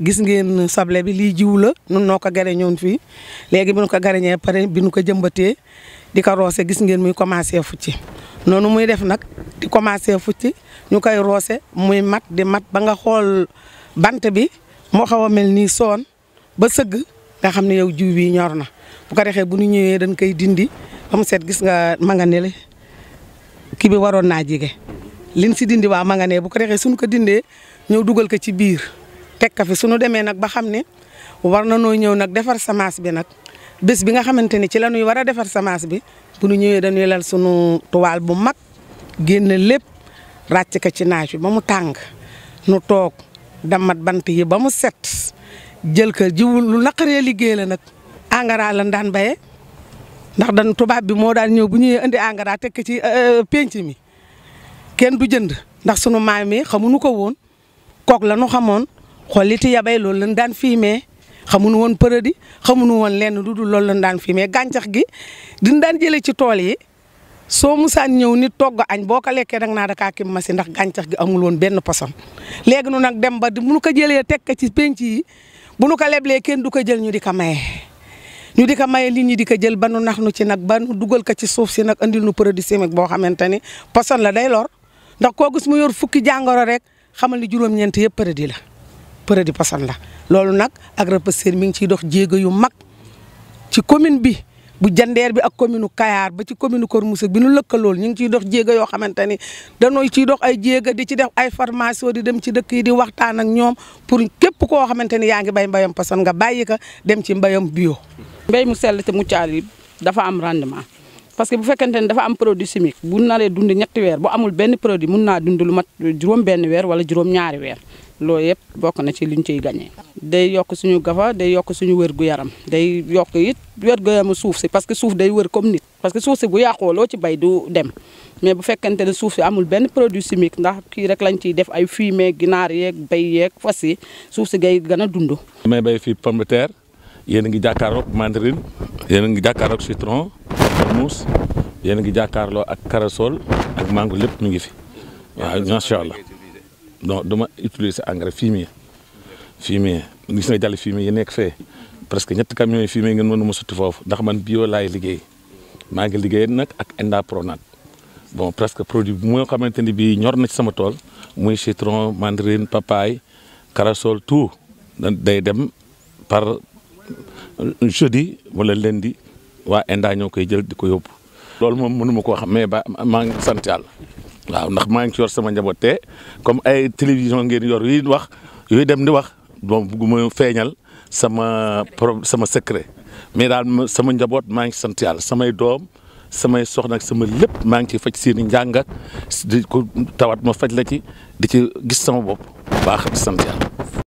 gis ngeen sable bi lii jiw la nun noo ko gare ñoon fii léegi bi nu ko garañee pare bi nu ko jëmbatee di ko roose gis ngeen muy commencé fucci noonu muy def nag di commencé fucci ñu koy roose muy mat di mat ba nga xool bant bi moo xaw a mel ni soon ba sëgg nga xam ne yow jiw wi ñor na bu ko defee bu ñu ñëwee dañ koy dindi ba mu seet gis nga ma kii bi waroon naa jige liñ si dindi waa ma bu ko defee suñ ko dindee ñëw dugal ko ci biir teg fi suñu demee nag ba xam ne war na noo ñëw nag defar semence bi nag bés bi nga xamante ni ci la ñuy war a defar semence bi bu ñu ñëwee dañuy lal sunu tuwaal bu mag génn lépp ràcc ka ci naaj wi ba mu tàng nu toog damat bant yi ba mu set jël ka jiwul lu naqaree liggéey la nag engrais lan daan béyee ndax dan tubaab bi moo daan ñëw bu ñuy indi engrais teg ci euh, euh, penc mi kenn du jënd ndax sunu maam yi xamuñu ko woon kook la nu xamoon xolliti yabay loolu lañ daan fumier xamuñu woon produit xamuñu woon lenn lu dul loolu lañ daan fumier gàncax gi diñ daan jëlee ci tool yi soo musaan ñëw nit togg añ boo ko lekkee da nga naa dakaa kim machine ndax gàncax gi amul woon benn poson léegi nu nag dem ba di munu ko jëlee teg ko ci penc yi bu nu ko leblee kenn du ko jël ñu di ka maye ñu di ko maye nit ñi di ko jël ba nu nax nu ci nag ba nu dugal ko ci suuf si nag andil nu produit chimique boo xamante ni poson la day lor ndax koo gis mu yor fukki jàngoro rek xamal ni juróom yëpp produit la produit poson la loolu nag Agropasteur mi ngi ciy dox jéego yu mag ci commune bi bu jandeer bi ak commune Kayar ba ci commune Kër Moussa bi nu lëkkalool ñu ngi ciy dox jéego yoo xamante ni dañoo ciy dox ay jéego di ci def ay formation di dem ci dëkk yi di waxtaan ak ñoom pour képp koo xamante ni yaa ngi bay mbayam poson nga bàyyi ko dem ci mbayam bio. mbéy mu sell te mucc ayib dafa am rendement. parce que bu fekkente ne dafa am produit chimique bu naree dund ñett weer bu amul benn produit mun naa dund lu mat juróom benn weer wala juróom ñaari weer loolu yëpp bokk na ci ñu ciy gañee day yokk suñu gafa day yokk suñu wér-gu-yaram day yokk it wér-gu-yaramu suuf si parce que suuf day wër comme nit parce que suuf si bu yàqoo loo ci bay du dem mais bu fekkente ne suuf si amul benn produit chimique ndax kii rek lañ ciy def ay fumier ginaar yeeg bay yeeg fas yi suuf si ngay gën a dund. may bay fii pomme yéen a ngi jàkkaaroog mandarine yéen a ngi jàkkaaroog citron. muus yéen a ngi jàkkaarloo ak corossol ak mango lépp mu ngi fi waaw macha allah non dama utiliser engrais fumier fumier gis nga jàll fumier yi nekk fee presque ñetti camions yi fumier ngeen ma sotti foofu ndax man bio laay liggéey maa ngi liggéey nag ak Enda Pronat bon presque produit bi moo xamante ni bii ñor na sama tool muy citron mandarine papaye corossol tout day dem par jeudi wala di waa ENDA ñoo koy jël di ko yóbbu loolu moom mënuma ko wax mais ba maa ngi sant yàlla waaw ndax maa ngi ci yor sama njaboot te comme ay télévision ngeen yor yuy wax yuy dem di wax moom bugguma feeñal sama pro sama secret mais daal sama njaboot maa ngi sant yàlla samay doom samay soxna sama lépp maa ngi ciy faj seen i njàngat di ko tawat ma faj la ci di ci gis sama bopp baax di sant